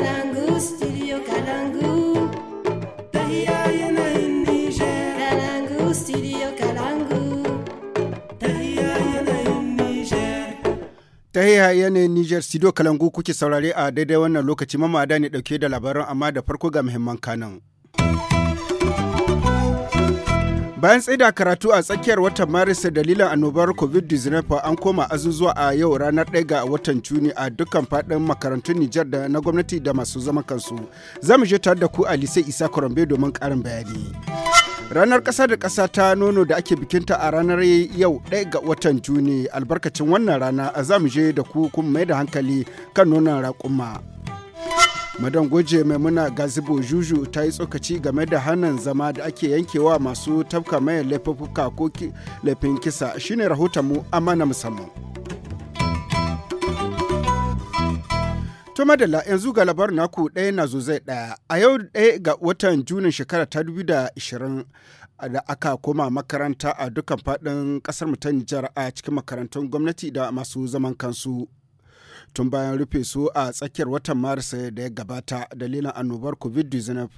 ta studio yanayin Niger. Kalangu, studio Kalangu. kuke saurare a daidai wannan lokaci mamada ne dauke da labaran amma da farko ga muhimman kanan. Bayan tsaida karatu a tsakiyar watan Maris dalilin annobar COVID-19 an koma azuzuwa a yau ranar 1 ga watan Juni a dukkan faɗin makarantun Nijar da na gwamnati da masu zaman kansu. Za mu je tare da ku a Lisai Isa Kwarambe domin ƙarin bayani. Ranar ƙasa da kasa ta nono da ake bikinta a ranar yau 1 ga watan Juni albarkacin wannan rana a za mu je da ku kun mai da hankali kan nonon raƙuma. madan goje muna gazibo juju ta yi tsokaci game da hannun zama da ake yankewa masu tafka mai laifuka ko laifin kisa shine rahoton mu amma na musamman To madalla yanzu ga labar naku ɗaya na zo zai ɗaya a yau ɗaya ga watan junin shekara ta 2020 da aka koma makaranta a dukkan faɗin kasar mu ta a cikin makarantun gwamnati da masu zaman kansu. tun bayan rufe su a tsakiyar watan maris da ya gabata dalilin annobar covid-19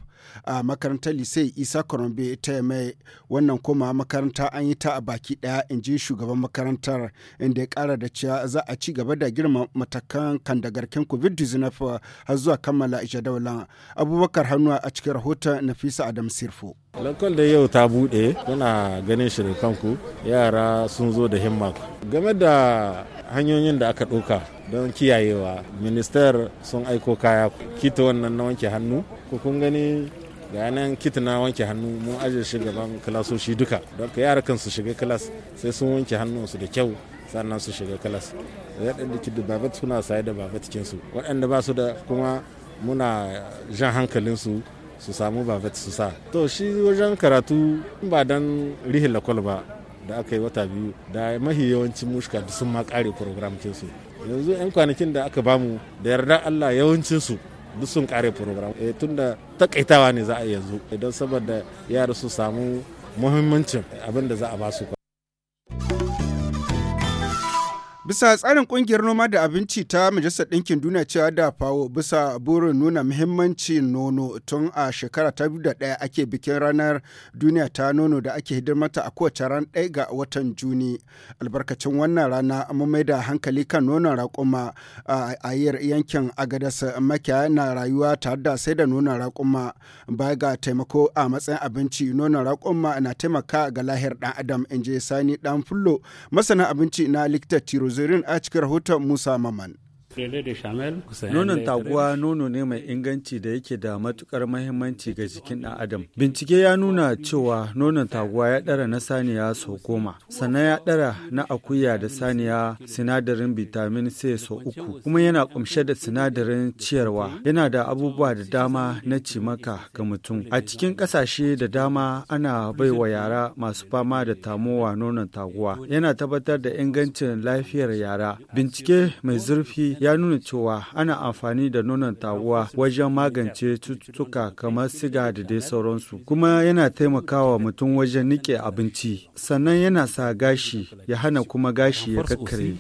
a makarantar lise isa korombe ta mai wannan kuma makaranta an yi ta a baki daya in ji shugaban makarantar inda ya kara da cewa za a ci gaba da girma matakan kandagarkin covid-19 har zuwa kammala jadawalan abubakar hannu a cikin rahoton nafisa adam sirfo lakwal da yau ta bude kuna ganin shirin kanku yara sun zo da himma game da hanyoyin da aka ɗauka don kiyayewa minister sun aiko kaya kita wannan na wanke hannu ku kun gani ga nan kit na wanke hannu mun aje shi gaban kilasoshi duka don ka yara kan su shiga kilas sai sun wanke hannunsu da kyau sannan su shiga kilas waɗanda ki da babat suna saye da babat cikinsu waɗanda ba su da kuma muna jan hankalinsu su samu babat su sa to shi wajen karatu ba dan rihe ba da aka yi wata biyu da mahi yawancin mushka da sun ma kare program su yanzu 'yan kwanakin da aka bamu da yarda allah yawancinsu duk sun kare program e, eh, da takaitawa ne za a yanzu idan saboda yara su samu muhimmancin abin da za a basu Bisa tsarin kungiyar noma da abinci ta Majalisar Ɗinkin Duniya cewa da fawo bisa burin nuna muhimmancin nono tun a shekara ta biyu da ɗaya ake bikin ranar duniya ta nono da ake hidimarta a kowace ran ɗaya ga watan Juni. Albarkacin wannan rana mun mai da hankali kan nonon raƙuma a ayyar yankin Agadas makiyaya na rayuwa tare da sai da nonon raƙuma baya ga taimako a matsayin abinci nono raƙuma na taimaka ga lahiyar ɗan adam in je sani ɗan fullo masana abinci na likita tiro zirin a cikin rahoton Musa Maman. Nonon taguwa nono ne mai inganci da yake da matukar mahimmanci ga jikin ɗan adam. Bincike ya nuna cewa nonon taguwa ya ɗara na saniya sau goma, sannan ya ɗara na akuya da saniya sinadarin vitamin C sau uku, kuma yana ƙumshe da sinadarin ciyarwa. Yana da abubuwa da dama na cimaka ga mutum. A cikin ƙasashe da dama ana baiwa yara masu fama da tamowa nonon taguwa. Yana tabbatar da ingancin lafiyar yara. Bincike mai zurfi ya nuna cewa ana amfani da nonon taguwa wajen magance cututtuka kamar siga da dai sauransu kuma yana taimakawa mutum wajen nike abinci sannan yana sa gashi ya hana kuma gashi ya kakkare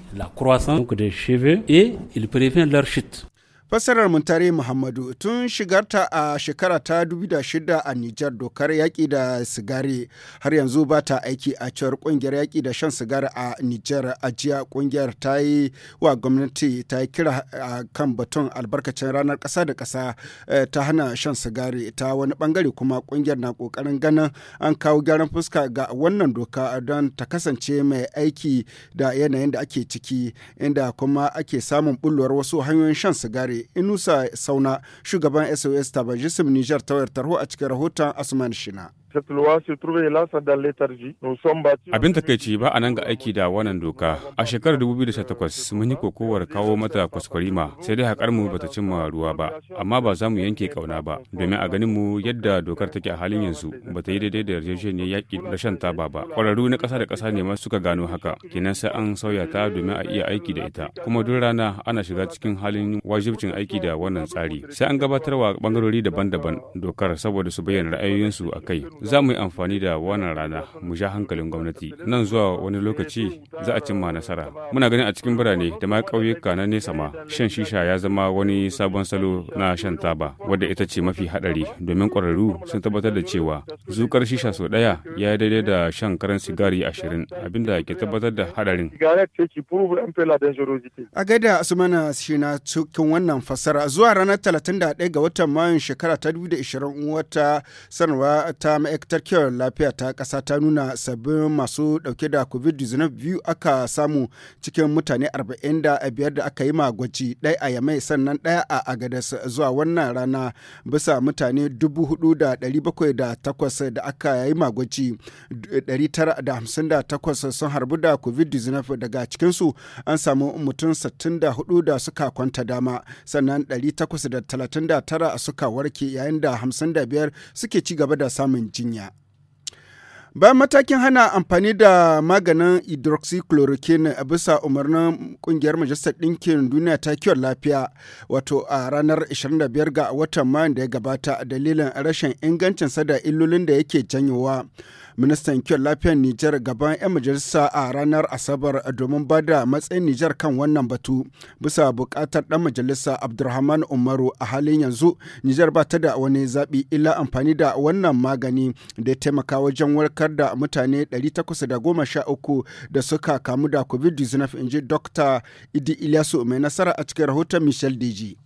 Fassarar Muntare Muhammadu tun shigarta a shekara ta 2006 a Nijar dokar yaƙi da sigari har yanzu ba ta aiki a cewar ƙungiyar yaƙi da shan sigari a Nijar ajiya jiya ƙungiyar ta yi wa gwamnati ta yi kira a kan batun albarkacin ranar ƙasa da ƙasa eh, ta hana shan sigari ta wani ɓangare kuma ƙungiyar na ƙoƙarin ganin an kawo gyaran fuska ga wannan doka don ta kasance mai aiki da yanayin da ake ciki inda kuma ake samun bulluwar wasu hanyoyin shan sigari Yare Inusa Sauna shugaban SOS ta Tabajisim Nijar ta wayar tarho a cikin rahoton Asman Shina. Abin takaici ba a nan ga aiki da wannan doka. A shekarar 2018 mun yi kokowar kawo mata kwaskwarima sai dai haƙar mu bata cimma ruwa ba, amma ba za mu yanke kauna ba, domin a ganin mu yadda dokar take a halin yanzu ba ta yi daidai da yarjejeniyar yaƙi da shan taba ba. Ƙwararru na ƙasa da ƙasa ne ma suka gano haka, kenan sai an sauya ta domin a iya aiki da ita. Kuma duk rana ana shiga cikin halin wajibcin aiki da wannan tsari. Sai an gabatarwa bangarori daban-daban dokar saboda su bayyana ra'ayoyinsu a kai. Za mu yi amfani da wannan rana mu sha hankalin gwamnati. Nan zuwa wani lokaci za a cimma nasara. Muna ganin a cikin birane da ma ƙauyuka na nesa ma shan shisha ya zama wani sabon salo na shan taba wadda ita ce mafi hadari domin ƙwararru sun tabbatar da cewa zukar shisha sau ɗaya ya yi daidai da shan karan sigari ashirin abinda ke tabbatar da haɗarin. A gaida Asmana shi na cikin wannan fasara zuwa ranar 31 ga watan Mayun shekara ta 2020 wata sanarwa ta ma'aikatar kiwon lafiya ta ƙasa ta nuna sabbin masu ɗauke da covid-19 biyu aka samu cikin mutane 45 da aka yi ma gwaji ɗaya a yamai sannan ɗaya a agadas zuwa wannan rana bisa mutane 4,708 da aka yi ma gwaji 958 sun harbu da covid-19 daga cikinsu an samu mutum 64 da suka kwanta dama sannan 839 suka warke yayin da 55 suke ci gaba da samun jinya Bayan matakin hana amfani da maganin hydroxychloroquine a bisa umarnin kungiyar Majalisar Ɗinkin Duniya ta kiwon lafiya wato a ranar 25 ga watan mayan da ya gabata a dalilin rashin ingancinsa da illolin da yake janyowa. Ministan kiwon lafiyar Nijar gaban 'yan majalisa a ranar Asabar domin ba da matsayin Nijar kan wannan batu bisa bukatar ɗan majalisa Abdulrahman Umaru a halin yanzu Nijar ba ta da wani zaɓi illa amfani da wannan magani da ya taimaka wajen warkar dokar da mutane 813 da suka kamu da covid-19 in ji dr idi ilyasu mai nasara a cikin rahoton michel dg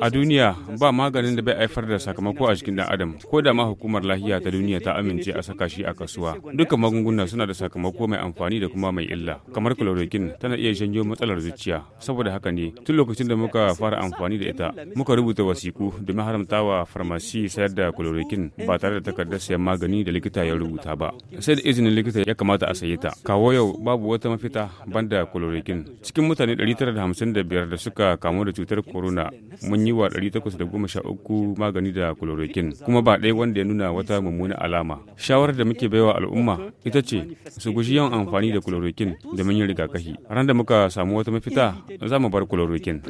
A duniya ba maganin da bai haifar da sakamako a cikin dan adam ko da ma hukumar lahiya ta duniya ta amince a saka shi a kasuwa. Dukkan magunguna suna da sakamako mai amfani da kuma mai illa. Kamar chloroquine tana iya janyo matsalar zuciya. Saboda haka ne tun lokacin da muka fara amfani da ita muka rubuta wasiku domin haramtawa farmasi sayar da chloroquine ba tare da takardar sayan magani da likita ya rubuta ba. Sai da izinin likita ya kamata a saye ta. Kawo yau babu wata mafita banda chloroquine. Cikin mutane 955 da suka suka kamu da cutar corona mun yi wa 813 magani da chloroquine kuma ba ɗaya wanda ya nuna wata mummuna alama. Shawarar da muke baiwa al'umma ita ce su guji yawan amfani da chloroquine da mun yi rigakafi. Ran da muka samu wata mafita za mu bar chloroquine.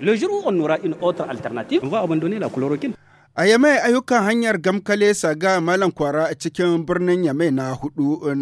Le jour où on aura une autre alternative, on va abandonner la chloroquine. A Yamai ayyukan hanyar Gamkale Saga Malam Kwara a cikin birnin Yamai na hudu eh,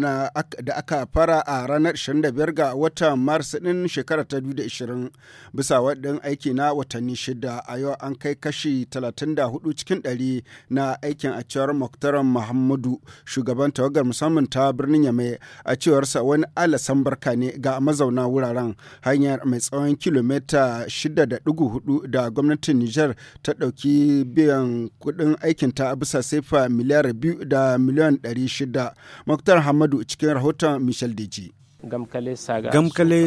da aka fara a ranar 25 ga watan Mars ɗin shekara ta 2020 bisa waɗin aiki na watanni shida a yau an kai kashi 34 cikin ɗari na aikin a cewar Muktaran Muhammadu shugaban tawagar musamman ta birnin Yamai a cewarsa wani alasan barka ne ga mazauna wuraren hanyar mai tsawon kilomita 6.4 da gwamnatin Nijar ta ɗauki biyan kudin aikin aikinta bisa sefa miliyar biyu da miliyan ɗari shida. Muktar Hamadu cikin rahoton Michel Deji. Gamkale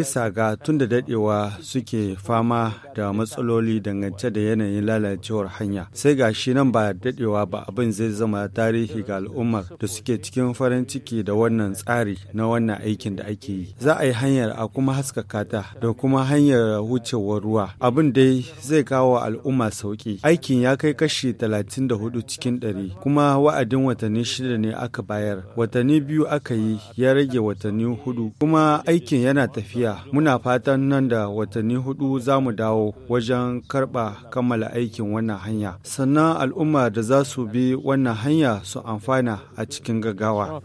Saga. tun da dadewa suke fama da matsaloli dangance da yanayin lalacewar hanya. Sai ga shi nan ba dadewa ba abin zai zama tarihi ga al'ummar da suke cikin farin ciki da wannan tsari na wannan aikin da ake yi. Za a yi hanyar a kuma haskaka ta da kuma hanyar wucewar ruwa. Abin dai zai kawo al'umma sauki. Aikin ya kai kashi talatin da hudu cikin 100 kuma wa'adin watanni shida ne aka bayar. Watanni biyu aka yi ya rage watanni hudu kuma aikin yana tafiya muna fatan nan da watanni hudu za mu dawo wajen karɓa kammala aikin wannan hanya sannan al'umma da za su bi wannan hanya su amfana a cikin gaggawa.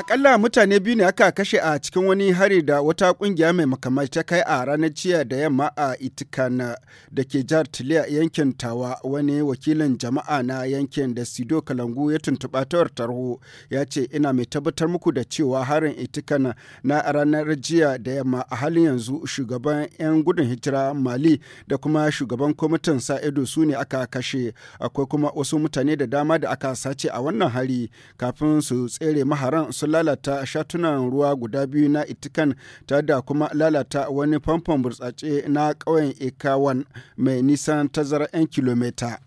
Akalla mutane biyu ne aka kashe a cikin wani hari da wata kungiya mai makamai ta kai a ranar jiya da yamma a Itikana da ke jihar Tiliya yankin Tawa wani wakilin jama'a na yankin da Sido Kalangu ya tuntuɓa ta tarho ya ce ina mai tabbatar muku da cewa harin Itikana na ranar jiya da yamma a halin yanzu shugaban 'yan gudun hijira Mali da kuma shugaban kwamitin sa ido su ne aka kashe akwai kuma wasu mutane da dama da aka sace a wannan hari kafin su tsere maharan su lalata shatunan ruwa guda biyu na itikan ta da kuma lalata wani famfon burtsatse na ƙauyen ekawan mai nisan tazara 'yan kilomita.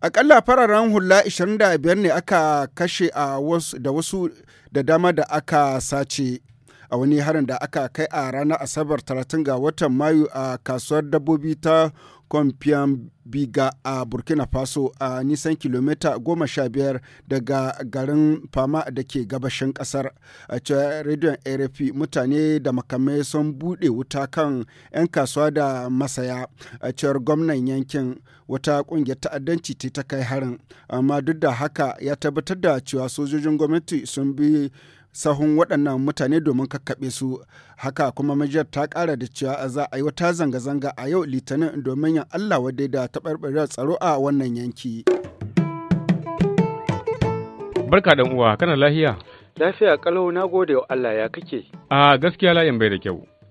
Akalla fararen hula 25 ne aka kashe a wasu da wasu da dama da aka sace. a wani harin da aka kai a ranar asabar 30 ga watan mayu a kasuwar dabbobi ta kwamfiyan biga a burkina faso a nisan kilomita goma sha biyar daga garin fama da ke gabashin kasar a cewar rediyon rfi mutane da makamai sun bude wuta kan 'yan kasuwa da masaya a cewar gwamnan yankin wata ƙungiyar ta'addanci ce ta kai harin amma duk da haka ya tabbatar da cewa sojojin gwamnati sun bi sahun waɗannan mutane domin kakkaɓe su haka kuma majiyar ta ƙara da cewa za a yi wata zanga-zanga a yau litinin domin yin allah wadai da taɓarɓarewar tsaro a wannan yanki. barka dan uwa kana lahiya lafiya kalau na gode wa Allah ya kake a gaskiya layin bai da kyau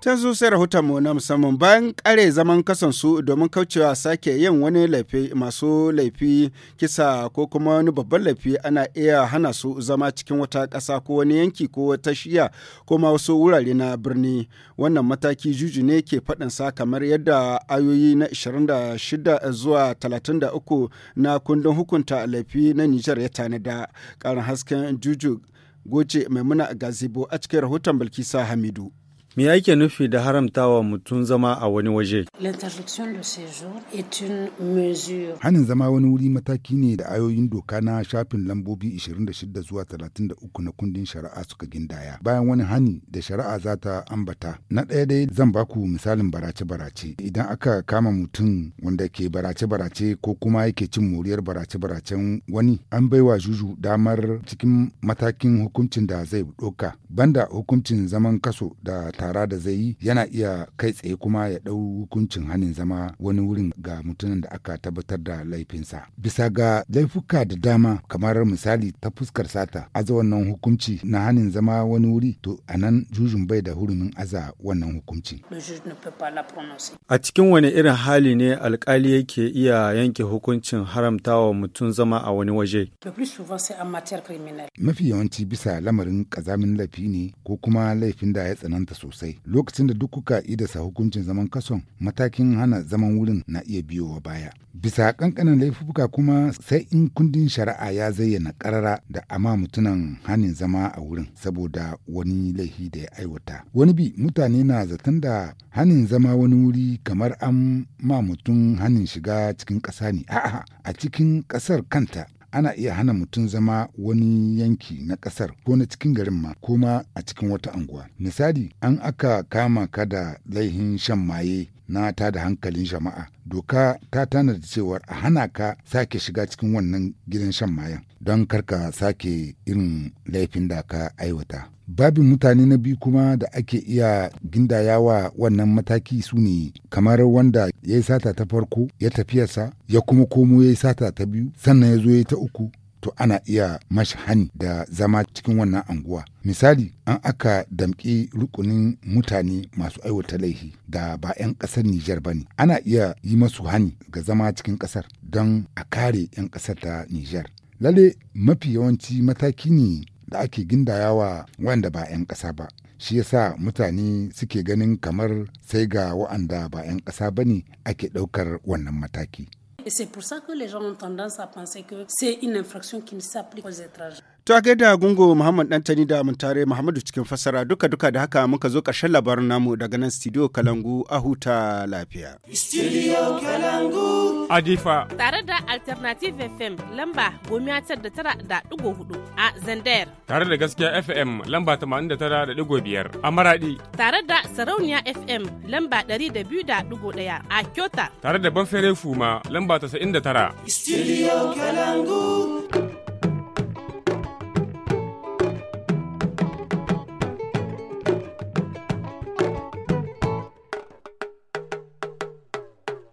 ta zo sai rahoton mu na musamman bayan kare zaman kasan su domin kaucewa sake yin wani laifi masu laifi kisa ko kuma wani babban laifi ana iya hana su zama cikin wata ƙasa ko wani yanki ko wata shiya ko ma wasu wurare na birni wannan mataki juju ne ke faɗin sa kamar yadda ayoyi na 26 zuwa 33 na kundin hukunta laifi na Nijar ya tanada ƙarin hasken juju goce maimuna gazebo a cikin rahoton Bilkisa Hamidu. Me yake nufi da haramtawa mutum zama a wani waje? Hanin zama wani wuri mataki ne da ayoyin doka na shafin lambobi 26 zuwa 33 na kundin shari'a suka gindaya. Bayan wani hani da shari'a za ta ambata. Na ɗaya dai zan baku misalin barace-barace. Idan aka kama mutum wanda ke barace-barace ko kuma yake cin moriyar barace-baracen wani, an baiwa juju damar cikin matakin hukuncin da zai ɗauka. Banda hukuncin zaman kaso da tara da zai yi yana iya kai tsaye kuma ya ɗau hukuncin hanin zama wani wurin ga mutumin da aka tabbatar da laifinsa. Bisa ga laifuka da dama kamar misali ta fuskar sata aza wannan hukunci na hanin zama wani wuri to a nan jujun bai da hurumin aza wannan hukunci. A cikin wani irin hali ne alkali yake iya yanke hukuncin haramtawa mutum zama a wani waje? Mafi yawanci bisa lamarin kazamin laifi ne ko kuma laifin da ya tsananta so. sosai lokacin da duk kuka idasa hukuncin zaman kason matakin hana zaman wurin na iya biyowa baya bisa kankanin laifuka kuma sai in kundin shari'a ya zayyana karara da ama mutunan hanin zama a wurin saboda wani laifi da ya aiwata wani bi mutane na zaton da hanin zama wani wuri kamar an ma mutum hanin shiga cikin ƙasa ne a'a a cikin ƙasar kanta ana iya hana mutum zama wani yanki na ƙasar ko na cikin garin ma ko ma a cikin wata anguwa. Misali, an aka kama ka da laihin shan maye na ta da hankalin jama'a doka ta tanada cewar a hana ka sake shiga cikin wannan gidan shan mayan don karka sake irin laifin da ka aiwata babin mutane na biyu kuma da ake iya gindayawa wannan mataki su ne kamar wanda ya yi sata ta farko ya tafiyarsa ya kuma komo ya yi sata ta biyu sannan ya zo ya ta uku to ana iya mashi hani da zama cikin wannan anguwa. Misali, an aka damƙi rukunin mutane masu aiwata laihi da ba 'yan ƙasar Nijar ba ne. Ana iya yi masu hani ga zama cikin ƙasar don a kare 'yan ƙasar ta Nijar. Lale mafi yawanci mataki ne da ake gindayawa wanda ba 'yan ƙasa ba. Shi yasa mutane suke ganin kamar sai ga wa'anda ba 'yan ƙasa ba ne ake ɗaukar wannan mataki. Et c'est pour ça que les gens ont tendance à penser que c'est une infraction qui ne s'applique aux étrangers. To a gaida gungo Muhammad Dantani da Muntare Muhammadu cikin fasara duka duka da haka muka zo karshen labarin namu daga nan studio Kalangu a huta lafiya. Studio Kalangu. Adifa. Tare da Alternative FM lamba gomiya da tara da ɗigo hudu a zander. Tare da gaskiya FM lamba tamanin da tara da ɗigo biyar a Maradi. Tare da Sarauniya FM lamba ɗari da biyu da ɗigo ɗaya a Kyota. Tare da Banfere Fuma lamba tasa'in da tara. Studio Kalangu.